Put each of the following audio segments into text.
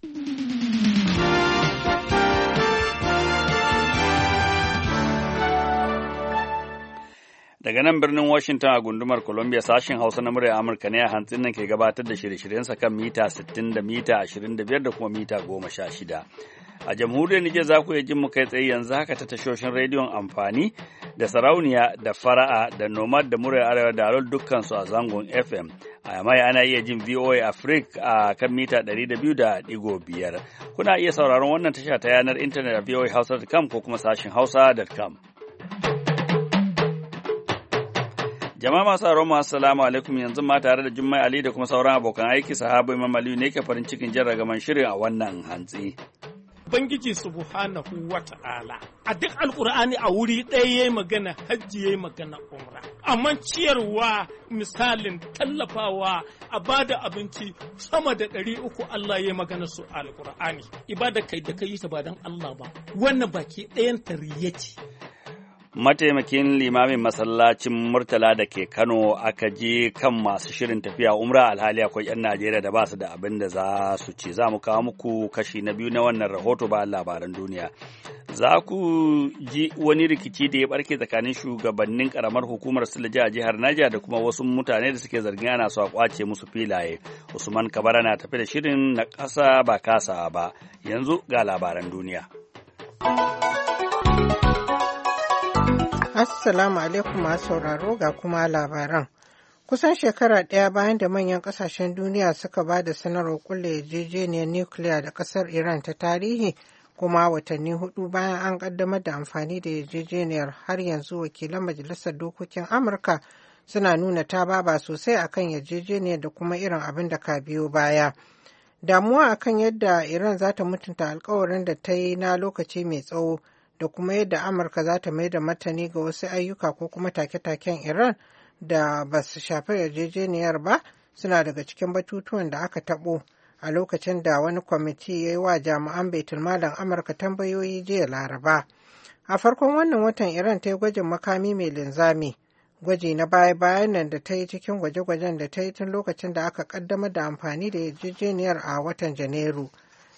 Daga nan birnin Washington a gundumar Columbia sashen Hausa na murya Amurka ne a hantsin nan ke gabatar da shirye-shiryensa kan mita 60 da mita 25 da kuma mita 16. a jamhuriyar Nijar za ku iya jin mu kai tsaye yanzu haka ta tashoshin rediyon amfani da sarauniya da fara'a da nomad da muryar arewa da alol dukkan su a zangon FM. A mai ana iya jin VOA Africa a kan mita 200.5. Kuna iya sauraron wannan tasha ta yanar intanet a voahausa.com ko kuma sashin hausa.com. Jama'a masu aron masu salamu alaikum yanzu ma tare da Jummai Ali da kuma sauran abokan aiki sahabu Imam Aliyu ne ke farin cikin jin ragaman shirin a wannan hantsi. Bangiji subhanahu wa ta'ala a duk alkur'ani a wuri ɗaya ya magana hajji ya magana umra amma ciyarwa misalin tallafawa a ba da abinci sama da ɗari uku Allah ya magana su alkur'ani ibada kai da kai ta ba don Allah ba wannan baki ɗayan tariye ce mataimakin limamin masallacin murtala da ke kano aka je kan masu shirin tafiya umra alhali akwai 'yan najeriya da ba su da abin da za su ce za mu kawo muku kashi na biyu na wannan rahoto ba labaran duniya za ku ji wani rikici da ya barke tsakanin shugabannin karamar hukumar silja a jihar naja da kuma wasu mutane da suke zargin ana su a kwace musu filaye usman kabara na tafi da shirin na kasa ba kasa ba yanzu ga labaran duniya Assalamu alaikum masu sauraro ga kuma labaran. Kusan shekara ɗaya bayan da manyan ƙasashen duniya suka ba da sanarwar kulle yarjejeniyar nukiliya da ƙasar Iran ta tarihi kuma watanni hudu bayan an ƙaddamar da amfani da yarjejeniyar har yanzu wakilan Majalisar Dokokin Amurka suna nuna ta baba sosai akan yarjejeniyar da kuma irin abin da ka biyo baya. Damuwa akan yadda Iran za ta mutunta alkawarin da ta yi na lokaci mai tsawo da kuma yadda amurka za ta mai da martani ga wasu ayyuka ko kuma take-taken iran da ba su shafi yarjejeniyar ba suna daga cikin batutuwan da aka taɓo a lokacin da wani kwamiti ya yi wa jami'an baitulmalan amurka tambayoyi jiya laraba a farkon wannan watan iran ta yi gwajin makami mai linzami gwaji na baya-bayan nan da ta yi cikin gwaje-gwajen da ta yi tun lokacin da aka kaddamar da amfani da yarjejeniyar a watan janairu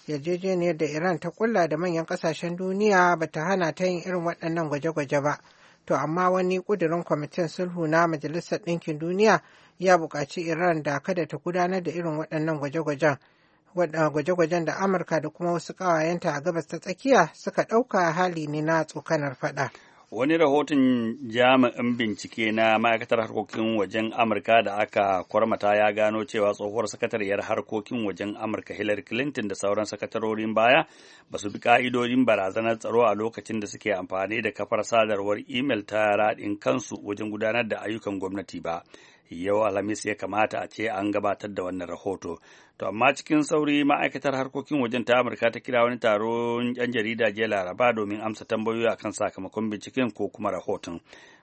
yarjejeniyar da iran ta kulla da manyan kasashen duniya ba ta hana ta yin irin waɗannan gwaje-gwaje ba to amma wani ƙudurin kwamitin sulhu na majalisar ɗinkin duniya ya buƙaci iran da kada ta gudanar da irin waɗannan gwaje-gwajen gwaje-gwajen da amurka da kuma wasu ƙawayenta a gabas ta tsakiya suka ɗauka hali ne na tsokanar faɗa. Wani rahoton jami'in bincike na ma'aikatar harkokin wajen Amurka da aka kwarmata ya gano cewa tsohuwar sakatariyar harkokin wajen Amurka Hillary Clinton da sauran sakatarorin baya ba su bi ka'idodin barazanar tsaro a lokacin da suke amfani da kafar sadarwar imel ta raɗin kansu wajen gudanar da ayyukan gwamnati ba. yau alhamis ya kamata a ce an gabatar da wannan rahoto to amma cikin sauri ma'aikatar harkokin wajen ta amurka ta kira wani taron yan jarida jiya laraba domin amsa tambayoyi akan sakamakon binciken ko kuma rahoton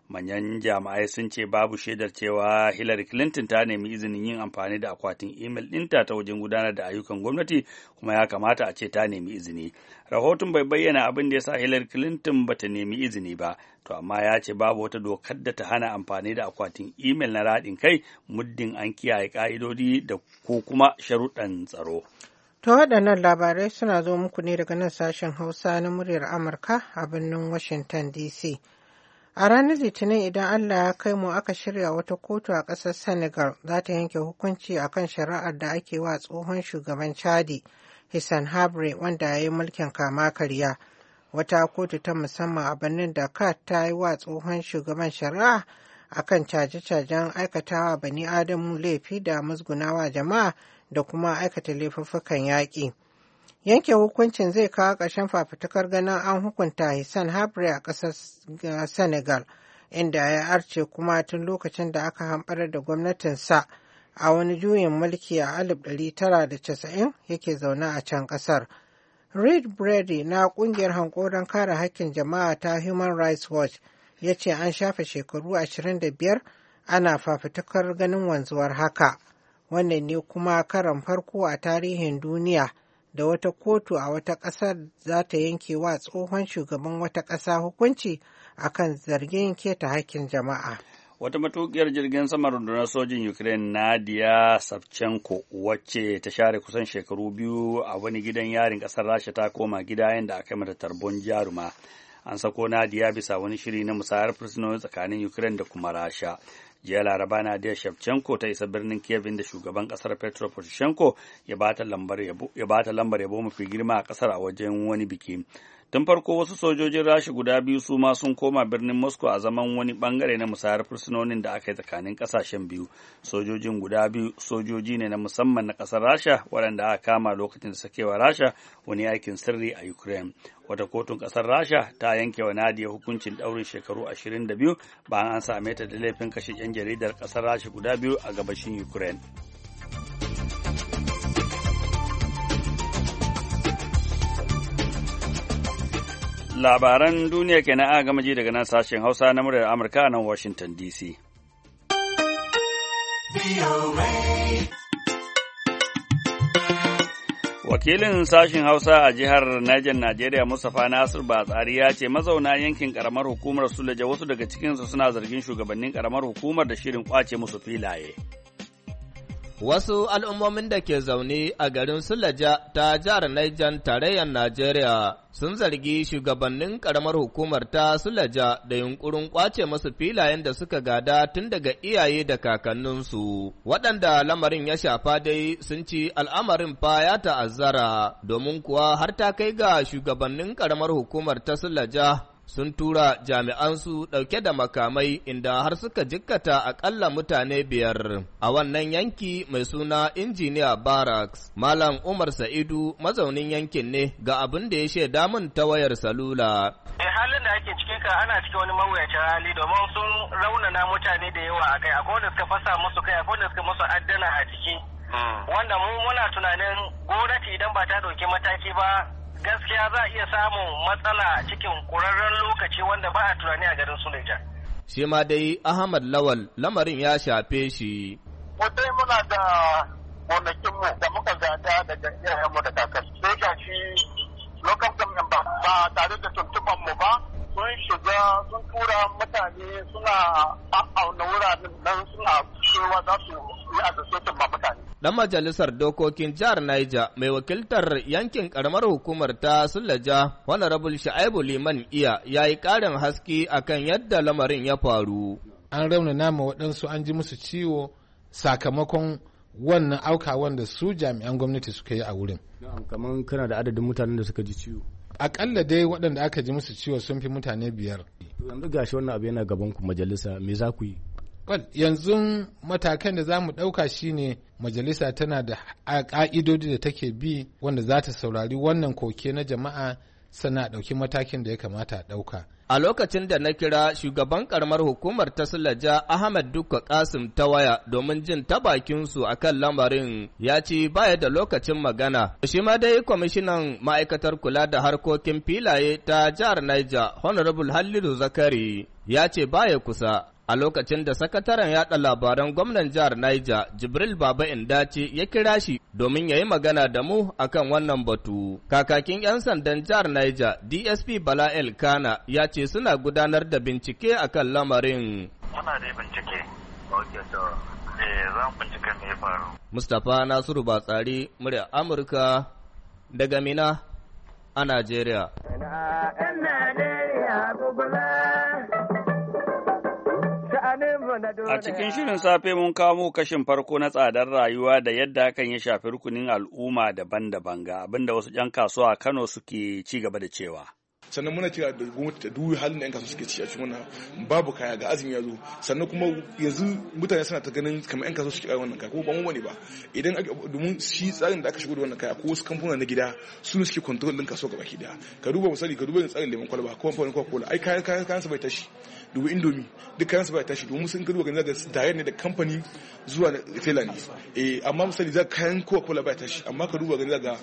manyan jami'ai sun ce babu shaidar cewa hillary clinton ta nemi izinin yin amfani da akwatin imel ɗinta ta wajen gudanar da ayyukan gwamnati kuma ya kamata a ce ta nemi izini rahoton bai bayyana abin da ya sa hillary clinton ba ta nemi izini ba to amma ya ce babu wata dokar da ta hana amfani da akwatin imel na raɗin kai muddin an kiyaye ka'idodi da ko kuma sharuɗan tsaro To waɗannan labarai suna zo muku ne daga nan sashen Hausa na muryar Amurka a birnin Washington DC. A ranar Litinin idan Allah ya kai mu aka shirya wata kotu a ƙasar Senegal za ta yanke hukunci a kan shari'ar da ake wa tsohon shugaban Chadi Hissan Habre wanda ya yi mulkin kama karya. Wata kotu ta musamman a birnin Dakar ta yi wa tsohon shugaban shari'a a kan caje-cajen aikatawa bani Adamu laifi da musgunawa jama'a da kuma aikata laifuffukan yaƙi. Yanke hukuncin zai kawo ƙarshen fafutukar ganin an hukunta hisan Habre a ƙasar Senegal, inda ya arce kuma tun lokacin da aka hamɓar da gwamnatinsa a wani juyin mulki a 1990 yake zaune a can ƙasar. Reid Brady na ƙungiyar hankoron kare haƙƙin jama'a ta Human Rights Watch ya ce an shafe shekaru 25 ana fafutukar ganin wanzuwar haka. Wannan ne kuma karan farko a tarihin duniya. da wata kotu a wata ƙasar za ta yanke wa tsohon shugaban wata ƙasa hukunci a kan zargin keta hakkin jama'a. Wata matukiyar jirgin sama rundunar sojin Ukraine Nadia Savchenko wacce ta share kusan shekaru biyu a wani gidan yarin ƙasar Rasha ta koma gida yadda aka mata tarbon jaruma. An sako Nadia bisa wani shiri na musayar fursunoni tsakanin Ukraine da kuma Rasha. jiya laraba na da shevchenko ta isa birnin kiev da shugaban kasar petro poroshenko ya bata lambar yabo mafi girma a kasar a wajen wani biki tun farko wasu sojojin rashi guda biyu su ma sun koma birnin moscow a zaman wani bangare na musayar fursunonin da aka yi tsakanin kasashen biyu sojojin guda biyu sojoji ne na musamman na kasar rasha waɗanda aka kama lokacin da sakewa rasha wani aikin sirri a ukraine wata kotun kasar rasha ta yanke wa nadiya hukuncin ɗaurin shekaru ashirin da biyu, bayan an same ta da laifin kashe 'yan jaridar kasar rasha guda biyu a gabashin ukraine labaran duniya kenan a gama ji daga nan sashen hausa na muryar amurka nan washington dc wakilin sashen hausa a jihar Niger Najeriya Mustapha Nasir Batsari ya ce mazauna yankin karamar hukumar Sulaja wasu daga cikinsu suna zargin shugabannin karamar hukumar da shirin kwace musu filaye. Wasu al'ummomin da ke zaune a garin Sulaja ta jihar Niger tarayyar Najeriya sun zargi shugabannin ƙaramar hukumar ta Sulaja da yunkurin ƙwace masu filayen da suka gada tun daga iyaye da kakanninsu. Waɗanda lamarin ya shafa dai sun ci al'amarin fa ya ta'azzara domin kuwa har ta kai ga shugabannin ƙaramar hukumar ta Sulaja sun tura jami'ansu ɗauke da makamai inda har suka jikkata akalla mutane biyar a wannan yanki mai suna injiniya barracks malam umar sa'idu mazaunin yankin ne ga abin da ya shaida min ta wayar salula halin da ake cikin ka ana cikin wani mawuyacin hali domin sun raunana mutane da yawa a kai akwai wanda suka fasa musu kai akwai wanda suka musu addana a ciki hmm. wanda mu muna tunanin gwamnati idan ba ta ɗauki mataki ba gaskiya za a iya samun matsala cikin ƙurarren lokaci wanda ba a tunani a garin Suleja. Shi ma dai Ahmad Lawal lamarin ya shafe shi. Wadai muna da gonakinmu da muka gada daga iyayenmu da kakar. Sai ga shi lokacin ba tare da tuntubanmu ba sun shiga sun tura mutane suna auna wuraren nan suna cewa za su yi asusun ba mutane. Dan majalisar dokokin jihar Niger mai wakiltar yankin karamar hukumar ta Sullaja Honorable Sha'ibu Liman Iya ya yi ƙarin haske akan yadda lamarin ya faru. An raunana ma waɗansu an ji musu ciwo sakamakon wannan auka wanda su jami'an gwamnati suka yi a wurin. kamar kana da adadin mutanen da suka ji ciwo. akalla dai waɗanda aka ji musu ciwo sun fi mutane biyar yanzu gashi wannan abu yana gaban ku majalisa me za ku yi yanzu matakan da za mu ɗauka shine majalisa tana da ƙa'idodi da take bi wanda za ta saurari wannan koke na jama'a sana ɗauki matakin da ya kamata a ɗauka A lokacin da na kira shugaban karamar hukumar ta Sulaja Ahmad Dukka Kasim ta waya domin jin ta bakinsu a kan lamarin ya ci baya da lokacin magana. Shi ma dai kwamishinan ma'aikatar kula da harkokin filaye ta jihar Niger Honorable Halilu Zakari ya ce baya kusa a lokacin da sakataren yada labaran gwamnan jihar Niger Jibril Baba Indace ya kira shi domin ya yi magana da mu akan wannan batu. Kakakin 'yan sandan jihar Niger DSP Bala El Kana ya ce suna gudanar da bincike akan lamarin. Muna da bincike. bincike ne faru. Mustapha Nasiru Batsari, murya Amurka daga Mina a Najeriya. A cikin shirin safe mun kamo kashin farko na tsadar rayuwa da yadda hakan ya shafi rukunin al'umma daban-daban ga abinda wasu 'yan kasuwa a Kano suke ci gaba da cewa. sannan muna kira da gwamnati ta duyi halin da 'yan kasuwa suke ci a cikin wannan babu kaya ga azumi ya zo sannan kuma yanzu mutane suna ta ganin kamar 'yan kasuwa suke kara wannan kaya ko ba mu bane ba idan ake domin shi tsarin da aka shigo da wannan kaya ko wasu kamfuna na gida su ne suke kontrol din kasuwa gaba ki daya ka duba misali ka duba tsarin lemon kwalba ko kamfanin coca ai kayan kayan kayan sa bai tashi dubu indomi dukkan su ba tashi domin sun gado ganin da dayar ne da kamfani zuwa tela ne eh, amma misali za kayan kowa cola ba tashi amma ka duba ganin ga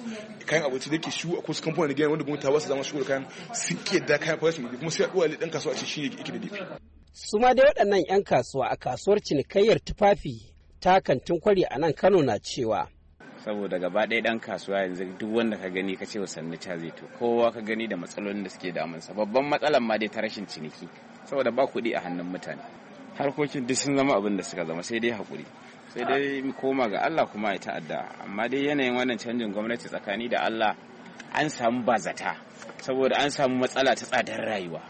kayan abinci da ke shi a kusa kamfani da gidan wanda gwamnati ba su zama shigo da kayan suke da kayan farashin kuma sai a duwa ɗan kasuwa a ce shi ke da dafi su ma dai waɗannan 'yan kasuwa a kasuwar cinikayyar tufafi ta kantin kwari a nan kano na cewa saboda gaba ɗaya ɗan kasuwa yanzu duk wanda ka gani ka ce wasanni ca zai to kowa ka gani da matsalolin da suke damunsa babban matsalan ma dai ta rashin ciniki saboda ba kuɗi a hannun mutane harkokin duk sun zama abin da suka zama sai dai haƙuri sai dai mu koma ga Allah kuma ya ta'adda amma dai yanayin wannan canjin gwamnati tsakani da Allah an samu bazata saboda an samu matsala ta tsadar rayuwa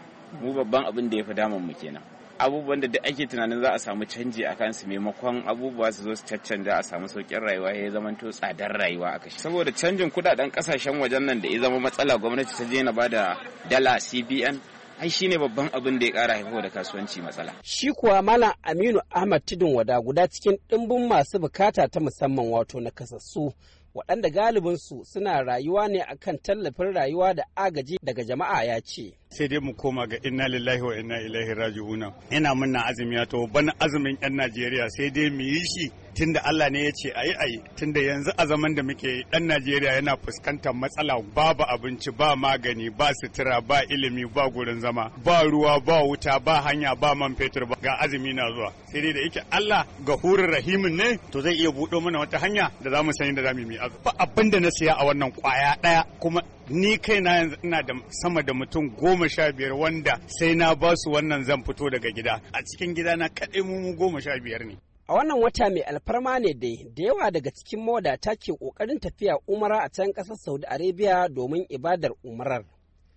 mu babban abin da ya fi damun mu kenan abubuwan da duk ake tunanin za a samu canji a kansu maimakon abubuwa su zo su caccanja a samu sauƙin rayuwa ya zama to tsadar rayuwa a kashi saboda canjin kudaden kasashen wajen nan da ya zama matsala gwamnati ta je na bada dala cbn ai ne babban abin da ya kara haifo da kasuwanci matsala shi kuwa malam aminu ahmad tudun wada guda cikin ɗimbin masu bukata ta musamman wato na kasassu waɗanda galibinsu suna rayuwa ne akan tallafin rayuwa da agaji daga jama'a ya ce sai dai mu koma ga inna lillahi wa inna ilaihi raji'una ina munna azumi ya to ban azumin yan Najeriya sai dai mu yi shi tunda Allah ne ya ce ayi ayi tunda yanzu a zaman da muke dan Najeriya yana fuskantar matsala babu abinci ba magani ba sutura ba ilimi ba gurin zama ba ruwa ba wuta ba hanya ba man fetur ba ga azumi na zuwa sai dai da yake Allah ga hurin rahimin ne to zai iya buɗo mana wata hanya da za mu sani da za yi azumi ba abin na siya a wannan kwaya ɗaya kuma ni kaina yanzu ina da sama da mutum goma sha biyar wanda sai na ba su wannan zan fito daga gida a cikin gida na kaɗai mu goma sha biyar ne a wannan wata mai alfarma ne dai da yawa daga cikin moda ta ke ƙoƙarin tafiya umara a can ƙasar saudi arabia domin ibadar umarar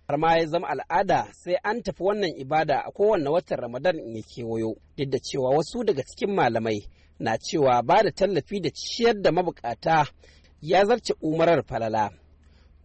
har ma ya zama al'ada sai an tafi wannan ibada a kowane watan ramadan in ya kewayo duk da cewa wasu daga cikin malamai na cewa ba da tallafi da ciyar da mabukata ya zarce umarar falala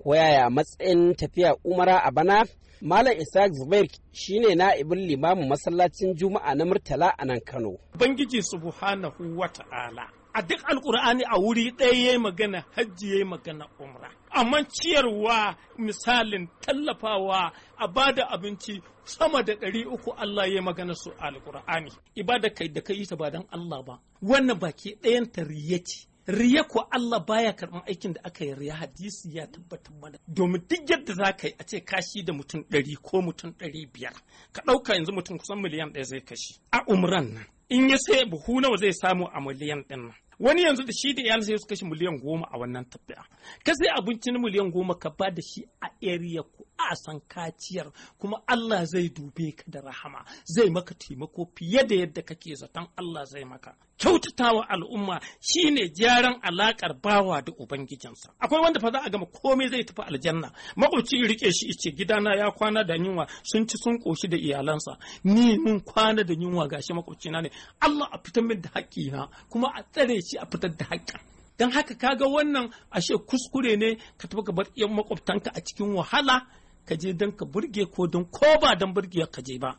ko yaya matsayin tafiya umara a bana Malam Isaac Zubair shine na'ibin limamin masallacin Juma'a na Murtala a nan Kano. Bangiji subhanahu wa ta'ala a duk alkur'ani a wuri ɗaya ya yi magana hajji ya yi magana umra amma ciyarwa misalin tallafawa a ba da abinci sama da ɗari uku Allah ya magana su alkur'ani ibada kai da kai ta ba don Allah ba wannan baki ɗayan ta ce riya ko Allah baya karɓan aikin da aka yi riya hadisi ya tabbatar mana domin duk yadda za ka yi a ce kashi da mutum ɗari ko mutum ɗari biyar ka ɗauka yanzu mutum kusan miliyan ɗaya zai kashi a umran nan in ya sai buhu nawa zai samu a miliyan ɗin nan wani yanzu da shi da iyalinsa sai su kashi miliyan goma a wannan tafiya ka sai abincin miliyan goma ka ba da shi a area ko a san kaciyar kuma Allah zai dube ka da rahama zai maka taimako fiye da yadda kake zaton Allah zai maka kyautatawa al'umma shine gyaran alakar bawa da ubangijinsa akwai wanda fa za a gama komai zai tafi aljanna makwabci rike shi ice gidana ya kwana da yunwa sun ci sun koshi da iyalansa ni mun kwana da yunwa gashi makwabci na ne Allah a fitar min da na kuma a tsare shi a fitar da haƙƙi Dan haka kaga wannan ashe kuskure ne ka tafi gabar makwabtanka a cikin wahala ka je don ka burge ko don ko ba don burge ka je ba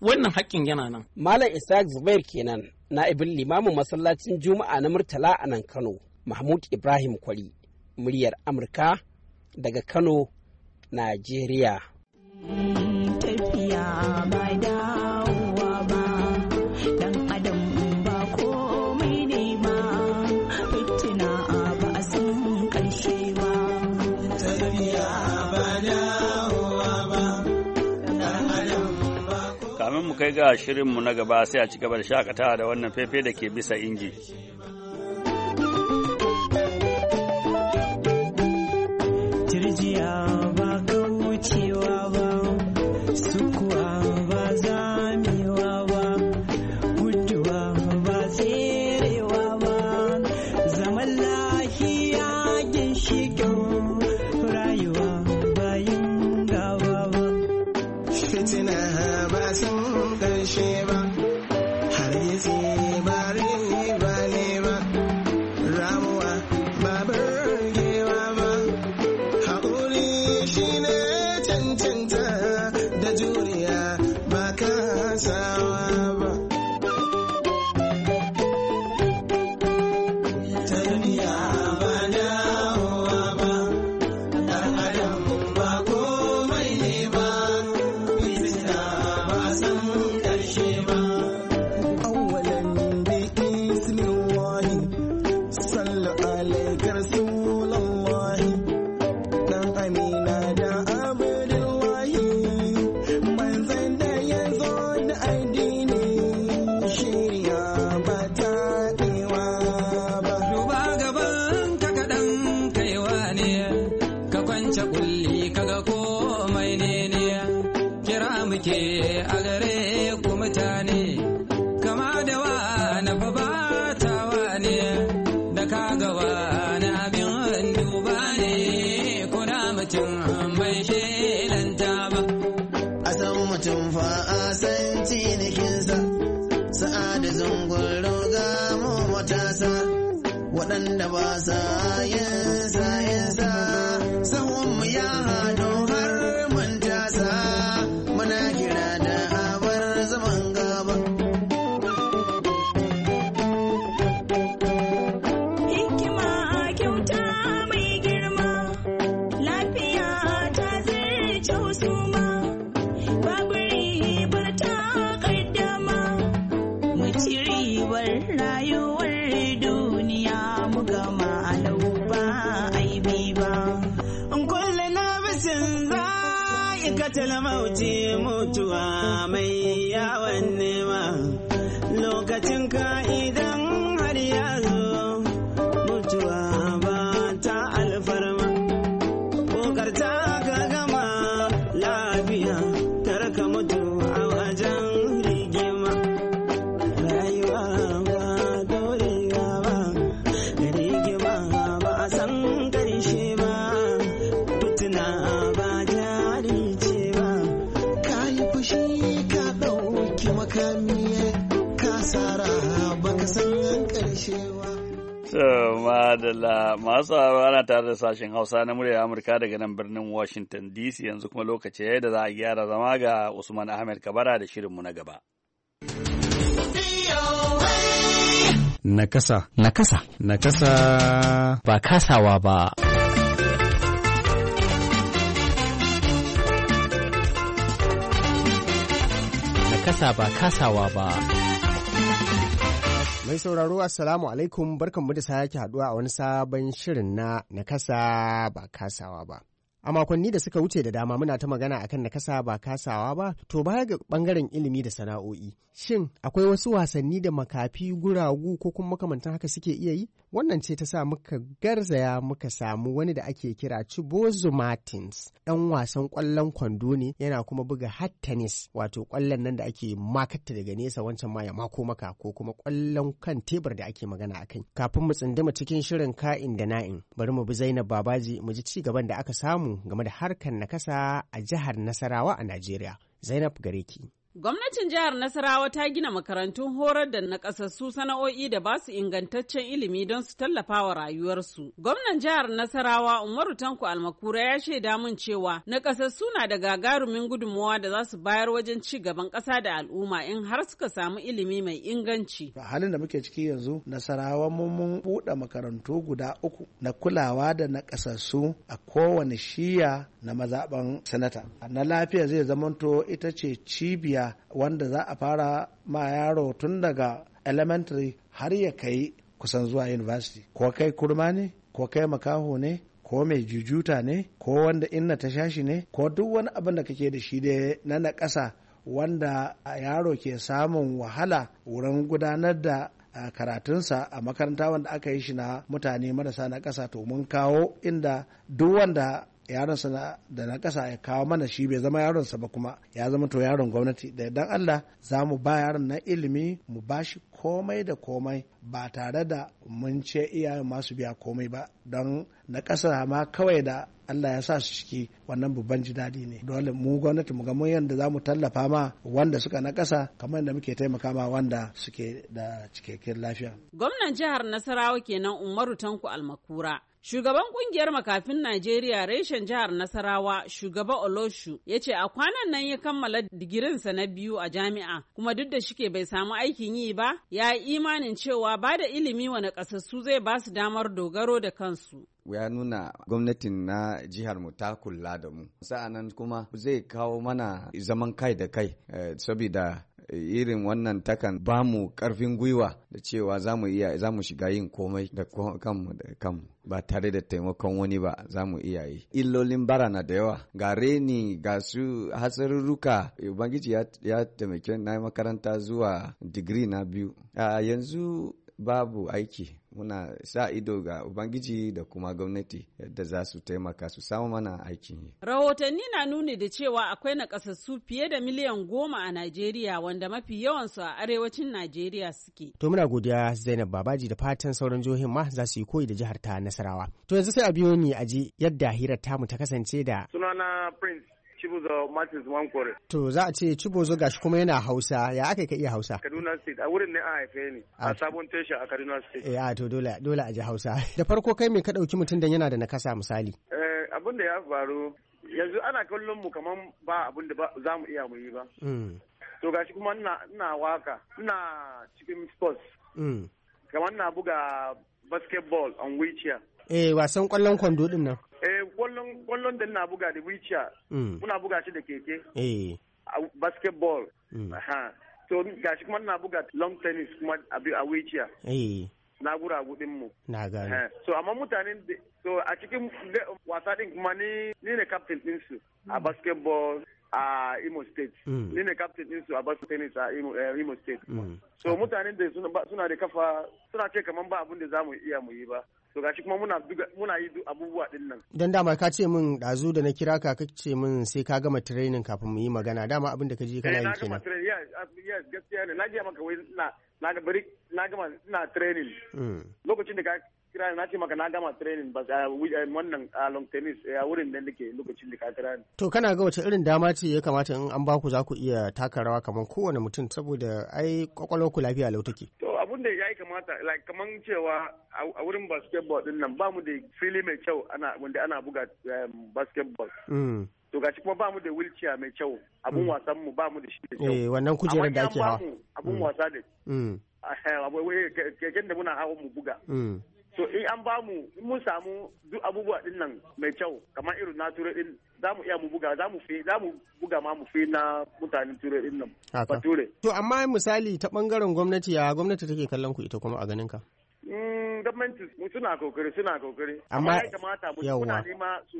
wannan haƙƙin yana nan. Malam Isaac Zubair kenan na'ibin limamin masallacin Juma'a na Murtala a nan Kano Mahmud Ibrahim Kwari muryar Amurka daga Kano, Najeriya. kai ga shirinmu na gaba sai a ci gaba da shakatawa da wannan fefe da ke bisa inji. time. mutum bai shelanta ba a san mutum fa a san cinikinsa sa'ada zungun roga mu matasa waɗanda ba sa yin sa yin sa sahun mu ya hado Masu sauraro ana tare da sashen Hausa na muryar Amurka daga nan birnin Washington DC yanzu kuma lokaci ya da za a gyara zama ga Usman Ahmed Kabara da shirinmu na gaba. Nakasa. Nakasa. Nakasa. Ba kasawa ba. Nakasa ba kasawa ba. Mai sauraro Assalamu alaikum barkanmu da sake haduwa a wani sabon shirin na kasa ba kasawa ba. A makonni da suka wuce da dama muna ta magana akan nakasa ba kasawa ba, to baya ga bangaren ilimi da sana'o'i. Shin akwai wasu wasanni da makafi guragu ko kuma makamantan haka suke iya yi? Wannan ce ta sa muka garzaya muka samu wani da ake kira Chibozu Martins, ɗan wasan kwallon kwando ne yana kuma buga hat tennis, wato kwallon nan da ake makatta daga nesa wancan ma ya mako maka ko kuma kwallon kan tebur da ake magana akai. Kafin mu tsindima cikin shirin ka'in da na'in, bari mu bi Zainab Babaji mu ji ci gaban da aka samu game da harkar nakasa a jihar Nasarawa a Najeriya. Zainab Gareki. Gwamnatin jihar Nasarawa ta gina makarantun horar da nakasassu sana'o'i da ba su ingantaccen ilimi don su tallafa wa rayuwarsu. Gwamnan jihar Nasarawa Umaru Tanko Almakura ya shaida mun cewa nakasassu na da gagarumin gudunmawa da za su bayar wajen ci gaban ƙasa da al'umma in har suka samu ilimi mai inganci. A halin da muke ciki yanzu Nasarawa mun mun buɗe makarantu guda uku na kulawa da nakasassu a kowane shiya na mazaɓan sanata. Na lafiya zai zamanto ita ce cibiya wanda za a fara ma yaro tun daga elementary har ya kai kusan zuwa university ko kai kurma ne ko kai makaho ne ko mai jujuta ne ko wanda inna ta shashi ne ko duk wani abin da kake da shi da na na ƙasa wanda yaro ke samun wahala wurin gudanar da karatunsa a makaranta wanda aka yi shi na mutane marasa na ƙasa to mun kawo inda duk wanda yaronsa da na ƙasa ya kawo mana shi bai zama yaronsa ba kuma ya zama to yaron gwamnati da idan Allah za mu ba yaron na ilimi mu ba shi komai da komai ba tare da mun ce iyayen masu biya komai ba don na ƙasa ma kawai da Allah ya sa su ciki wannan babban ji daɗi ne dole mu gwamnati mu ga mun yanda za mu tallafa ma wanda suka na ƙasa kamar da muke taimaka ma wanda suke da cikakken lafiya. Gwamnan jihar Nasarawa kenan Umaru Tanko Almakura Shugaban kungiyar makafin Najeriya reshen jihar Nasarawa, shugaba Oloshu, ya ce a kwanan nan ya kammala digirinsa na biyu a jami'a, kuma duk da shike bai samu aikin yi ba, ya yi imanin cewa ba da ilimi wani kasassu zai ba su damar dogaro da kansu. ya nuna gwamnatin na jihar mu ta kula da mu sa'anan kuma zai kawo mana zaman kai da kai eh, saboda irin wannan takan ba mu karfin gwiwa da cewa za mu iya za mu shiga yin komai da kanmu da kanmu ba tare da taimakon wani ba za mu iya yi illolin bara na da yawa ga reni ga su hasarurruka ubangiji ya taimake na makaranta zuwa digiri na biyu a yanzu babu aiki muna sa ido ga ubangiji da kuma gwamnati yadda za su taimaka su samu mana aiki. yi. Rahotanni na nuni da cewa akwai nakasassu fiye da miliyan goma a Najeriya wanda mafi yawansu a arewacin Najeriya suke. To muna godiya Zainab Babaji da fatan sauran jihohin ma za su yi koyi da jihar ta Nasarawa. To yanzu sai a biyo ni a ji yadda hirar tamu ta kasance da. Sunana Prince Chibuzo Martins Wankore. To za a ce Chibozo gashi kuma yana Hausa ya aka ka iya Hausa? Kaduna State a wurin ne a haife ni a sabon tasha a Kaduna State. Eh to dole dole a ji Hausa. Da farko kai me ka ɗauki mutum dan yana da nakasa misali? Eh abin da ya faru yanzu ana kallon mu kaman ba abin da za mu iya mu yi ba. Mm. To gashi kuma ina waka ina cikin sports. Mm. Kamar na buga basketball on wheelchair. Eh wasan kwallon kwando din nan. Eh kwallon kwallon din na buga da wheelchair. Mm. Muna buga shi da keke. Eh. Basketball. Mm. Aha. To gashi kuma na buga long tennis kuma a wheelchair. Eh. na gudin mu. Na gani. So amma mutanen so a cikin wasa din kuma ni ni ne captain din su a mm. basketball a Imo State. Ni ne captain din su a basketball tennis a Imo eh, State. So mutanen da suna da kafa suna ce kaman ba abin da zamu mu iya mu yi ba. to gashi kuma muna muna yi abubuwa din nan dan dama ka ce min dazu da na kira ka ka ce min sai ka gama training kafin mu yi magana dama abin da ka je kana yi eh, kenan uh, yes gaskiya ne na ga maka wai na na bari na gama ina training hmm. lokacin da ka kira na ce maka na gama training ba a eh, eh, wannan a eh, long tennis a wurin da nake lokacin da ka kira ni. To kana ga wace irin dama ce ya kamata in an baku za ku iya taka rawa kamar kowane mutum saboda ai kwakwalwar ku lafiya lau take. To abun da ya kamata like kamar cewa a wurin basketball din nan ba mu da fili mai kyau ana wanda ana buga basketball. Mm. to gashi kuma bamu da wheelchair mai kyau abun mm. wasan mu bamu da shi da kyau eh wannan kujerar da ake hawa abun mm. wasa da mm keken da muna hawa mu buga to in an ba mu in mun samu duk abubuwa din nan mai kyau kamar irin na turai din za mu iya mu buga za mu za mu buga ma mu fi na mutanen turai din nan ture to amma misali ta bangaren gwamnati ya gwamnati take kallon ku ita kuma a ganin ka mm, gwamnati suna kokari suna kokari amma ya kamata mu muna nema su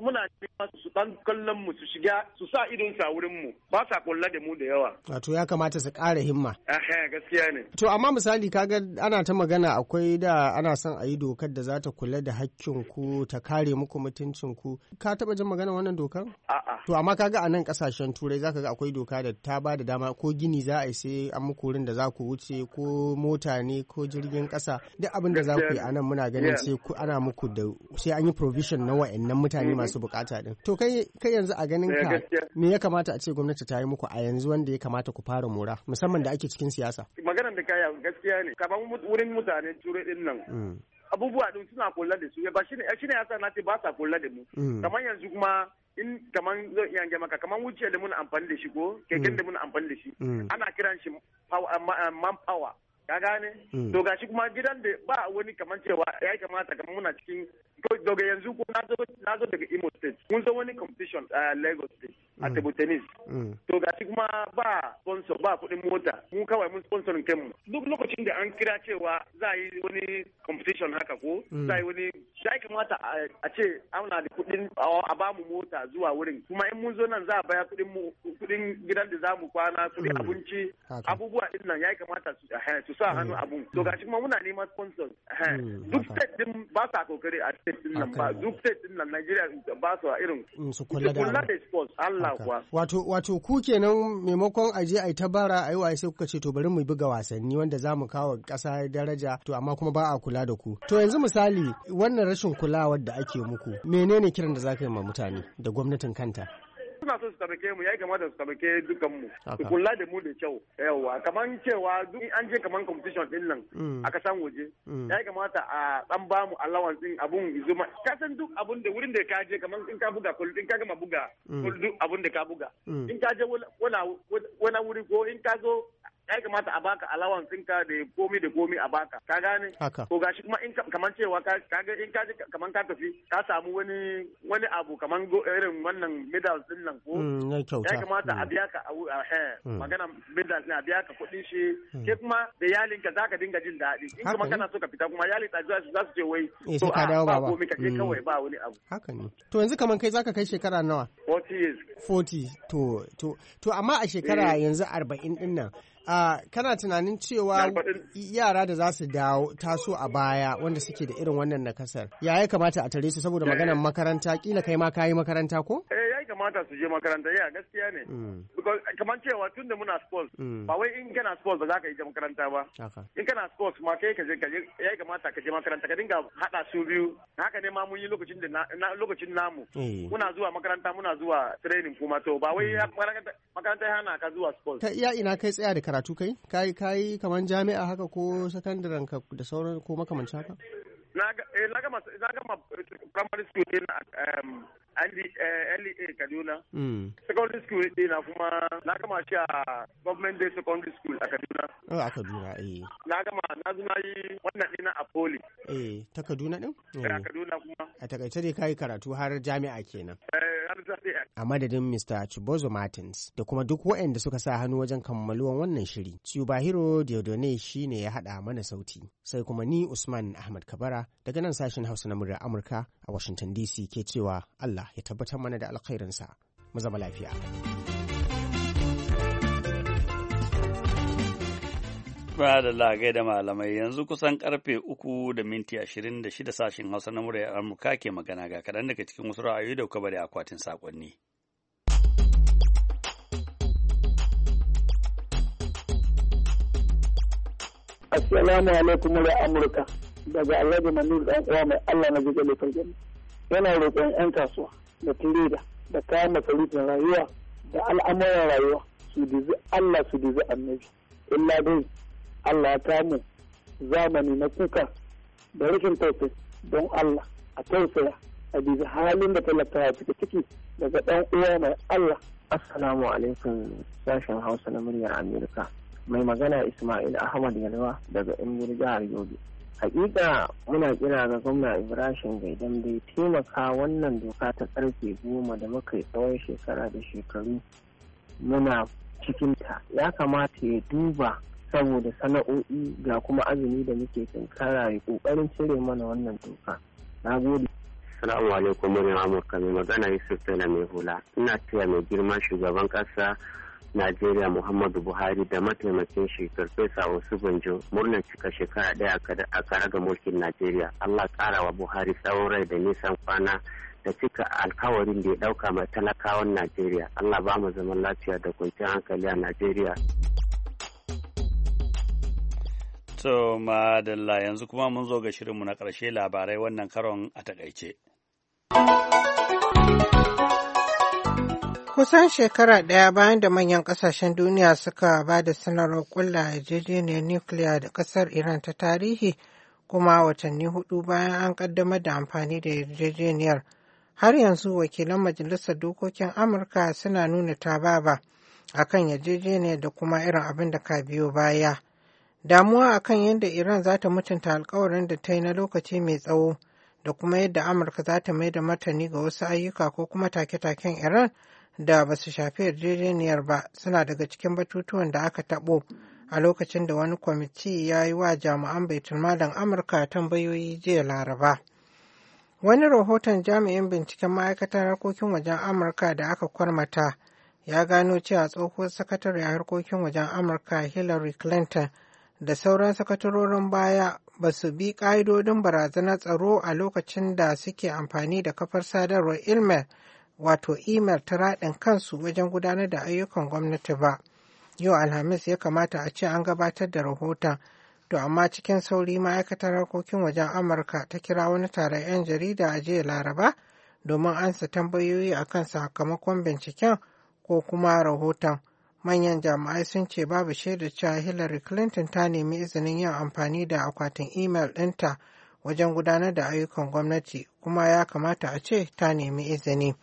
muna nema su dan kallon mu su shiga su sa idon sa wurin mu ba sa kulla da mu da yawa wato ya kamata su ƙara himma eh gaskiya ne to amma misali kaga ana ta magana akwai da ana son a yi dokar da za ta kula da hakkin ku ta kare muku mutuncin ku ka taba jin magana wannan dokar a'a to amma kaga a nan kasashen turai zaka ga akwai doka da ta ba da dama ko gini za a yi sai an muku wurin da za ku wuce ko mota ne ko jirgin kasa duk abin abin da za ku yi a nan muna ganin sai ana muku da sai an yi provision na wa'annan mutane mm-hmm. masu bukata din to kai yanzu a ganin ka me ya kamata a ce gwamnati ta yi muku a yanzu wanda ya kamata ku fara mora musamman da ake cikin siyasa maganar da kaya gaskiya ne kamar wurin mutane ture din nan mm. abubuwa din suna kula da su ba shine shine yasa na ce ba sa kula da mu mm. kamar yanzu kuma in kaman zo iya maka kaman wuce da muna amfani da shi ko keken mm. da muna amfani da shi ana kiran shi man power ka gane mm. to gashi kuma gidan da ba wani kamar cewa ya kamata kamar muna cikin daga yanzu ko na zo daga Imo State mun zo wani competition a eh, Lagos State a mm. table tennis mm. to ga shi kuma ba sponsor ba kudin mota mu kawai mun sponsor kanmu duk lokacin da an kira cewa za a yi wani competition haka ko mm. za a yi wani ya kamata a ce auna da kudin a ba mu mota zuwa wurin kuma in mun zo nan za a baya kudin mu kuɗin gidan da za mu kwana kuɗin abinci abubuwa din nan ya kamata eh, su sa hannu abun to ga shi kuma muna neman sponsor eh, duk state din ba sa kokari a ce state din nan ba duk state din a irin su wato ku kenan maimakon aje ai tabara ai wai sai kuka ce to bari mu buga wasanni wanda za mu kawo ƙasa daraja to amma kuma ba a kula da ku to yanzu misali wannan rashin kulawar da ake muku menene kiran da za ka yi ma mutane da gwamnatin kanta suna so su taimake mu yayi kamata su taimake dukan mu su kula da mu da kyau yawa kaman cewa duk an je kaman competition din nan mm. a kasan waje mm. yayi kamata a dan ba mu allowance din abun izuma ka san duk abun da wurin da ka je kaman in ka buga kullu in ka gama buga mm. duk abun da ka buga in ka je wani wuri ko in ka zo ya kamata a baka alawan sinka da komi da komi a baka ka gane ko gashi kuma in kaman cewa ka ga in ka ji kaman ka tafi ka samu wani wani abu kaman irin wannan medals din nan ko mm, ya kamata a mm. biya ka a mm. magana medals ne a biya ka kuɗin shi ke kuma da yalin ka zaka dinga jin daɗi in kuma kana so ka fita kuma yalin ta za su ce wai eh, to a ba komi ka ke kawai ba wani abu haka ne to yanzu kaman kai zaka kai shekara nawa 40 years 40 to to to amma a shekara eh. yanzu 40 din nan Uh, kana tunanin cewa yara da za su dawo taso a baya wanda suke da irin wannan nakasar ya ya kamata a tare su saboda maganar eh. makaranta kila kai ma kayi makaranta ko? Eh, kamata su je makaranta ya gaskiya ne mm. kamar cewa tun da muna sports mm. ba wai in kana sports ba za ka ta makaranta ba in kana sports ma kai ka je ka ya kamata ka je makaranta ka dinga hada su biyu haka ne ma mun yi lokacin da lokacin namu eh. muna zuwa makaranta muna zuwa training kuma to ba wai mm. makaranta ya hana ka zuwa sports ta iya ina kai tsaya da karatu kai kai kai kamar jami'a haka ko sakandaren ka da sauran ko makamancin haka Eh, na gama eh, primary school um, din eh, e a Kaduna. Mm. Secondary school dina kuma na gama shi a government day secondary school a Kaduna. Oh, a Kaduna eh. Na gama na zuna yi wannan dina a Poli. Eh, ta Kaduna din? Eh, a oh. Kaduna kuma. A takaice dai kai karatu har jami'a kenan. Eh, A madadin Mr. Chibozo Martins da kuma duk waɗanda suka sa hannu wajen kammaluwan wannan shiri, Tsubahiro Diodone shi ne ya haɗa mana sauti. Sai kuma ni Usman Ahmad Kabara daga nan sashen Hausa na muryar Amurka a Washington DC ke cewa Allah ya tabbatar mana da alkhairinsa. Mu zama lafiya. da lagai da malamai yanzu kusan karfe uku da minti ashirin da shida sashen Hausa na muryar Amurka ke magana ga kaɗan daga cikin wasu ra'ayoyi da kuma da akwatin saƙonni. Assalamu alaikum muryar Amurka daga Alhaji Manur ɗan uwa mai Allah na jiga da fargen. Yana roƙon 'yan kasuwa da tireda da kayan masarufin rayuwa da al'amuran rayuwa su dizi Allah su dizi annabi. Illa dai Allah ya kamu zamani na kuka da rashin tausayi don Allah a tausaya a bisa halin da talakawa suke ciki daga ɗan uwa mai Allah. Assalamu alaikum sashen Hausa na muryar Amerika. Mai magana Ismail Ahmad Yalwa daga Imbir jihar Yobe. Hakika muna kira ga gwamna Ibrahim Gaidan bai taimaka wannan doka ta karfe goma da muka yi tsawon shekara da shekaru muna cikinta. Ya kamata ya duba saboda sana'o'i ga kuma azumi da muke tunkara ya kokarin cire mana wannan doka na gode salamu alaikum murin Amurka mai magana Yusuf Tela mai hula. Ina taya mai girman shugaban ƙasa Najeriya Muhammadu Buhari da mataimakin shi Farfesa Wasu Banjo murnar cika shekara daya a karaga mulkin Najeriya. Allah kara wa Buhari tsawon rai da nisan kwana da cika alkawarin da ya ɗauka mai talakawan Najeriya. Allah ba mu zaman lafiya da kwanciyar hankali a Najeriya. To madalla yanzu kuma mun zo ga shirinmu na ƙarshe labarai wannan karon a takaice. Kusan shekara ɗaya bayan da manyan ƙasashen duniya suka ba da sanarwar ƙulla yarjejeniyar nukiliya da ƙasar Iran ta tarihi kuma watanni hudu bayan an ƙaddamar da amfani da yarjejeniyar. Har yanzu wakilan Majalisar Dokokin Amurka suna nuna tababa a akan yarjejeniyar da kuma irin abin da ka biyo baya. Damuwa a kan yadda Iran za ta mutunta alkawarin da ta yi na lokaci mai tsawo da kuma yadda Amurka za ta mai da martani ga wasu ayyuka ko kuma take-taken Iran da ba su shafi yarjejeniyar ba suna daga cikin batutuwan da aka tabo a lokacin da wani kwamiti ya yi wa jami'an malam Amurka tambayoyi jiya Laraba. Wani rahoton jami'in binciken ma'aikatar harkokin wajen Amurka da aka kwarmata ya gano cewa tsohuwar a harkokin wajen Amurka Hillary Clinton da sauran sakatarorin baya ba su bi ƙa'idodin barazanar tsaro a lokacin da suke amfani da kafar sadarwar ilmer wato imel ta raɗin kansu wajen gudanar da ayyukan gwamnati ba yau alhamis ya kamata a ce an gabatar da rahoton to amma cikin sauri ma'aikatar harkokin wajen amurka ta kira wani taron 'yan jarida a jiya laraba domin ansa tambayoyi akan sakamakon binciken ko kuma rahoton manyan jami'ai sun ce babu shaida cewa hillary clinton ta nemi izinin yin amfani da akwatin imel ɗinta wajen gudanar da ayyukan gwamnati kuma ya kamata a ce ta nemi izini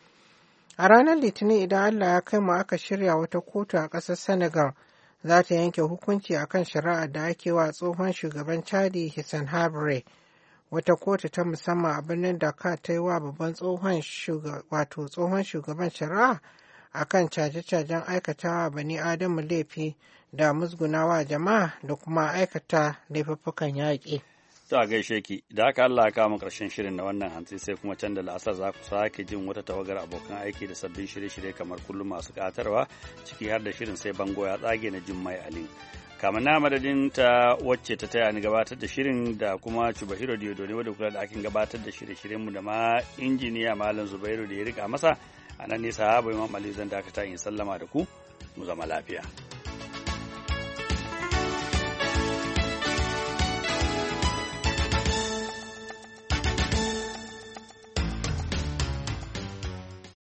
a ranar litinin idan allah ya kai mu aka shirya wata kotu a ƙasar senegal za ta yanke hukunci a kan shari'a da ake wa tsohon shugaban chadi hisan habre wata kotu ta musamman a birnin dakar ta yi wa babban tsohon shugaban shari'a akan caje-cajen aikatawa bani adamu laifi da musgunawa jama'a da kuma aikata laifuffukan yaƙi. ta gaishe ki da haka Allah ya kama karshen shirin na wannan hantsi sai kuma can da la'asar za ku sake jin wata tawagar abokan aiki da sabbin shirye-shirye kamar kullum masu katarwa ciki har da shirin sai bango ya tsage na jin mai alin kamar na madadin ta wacce ta taya ni gabatar da shirin da kuma Chubahiro Diodone wadda kula da akin gabatar da shirye-shiryenmu da ma injiniya Malam Zubairu da ya rika masa a nan nesa bai mamali zan dakata in sallama da ku mu zama lafiya.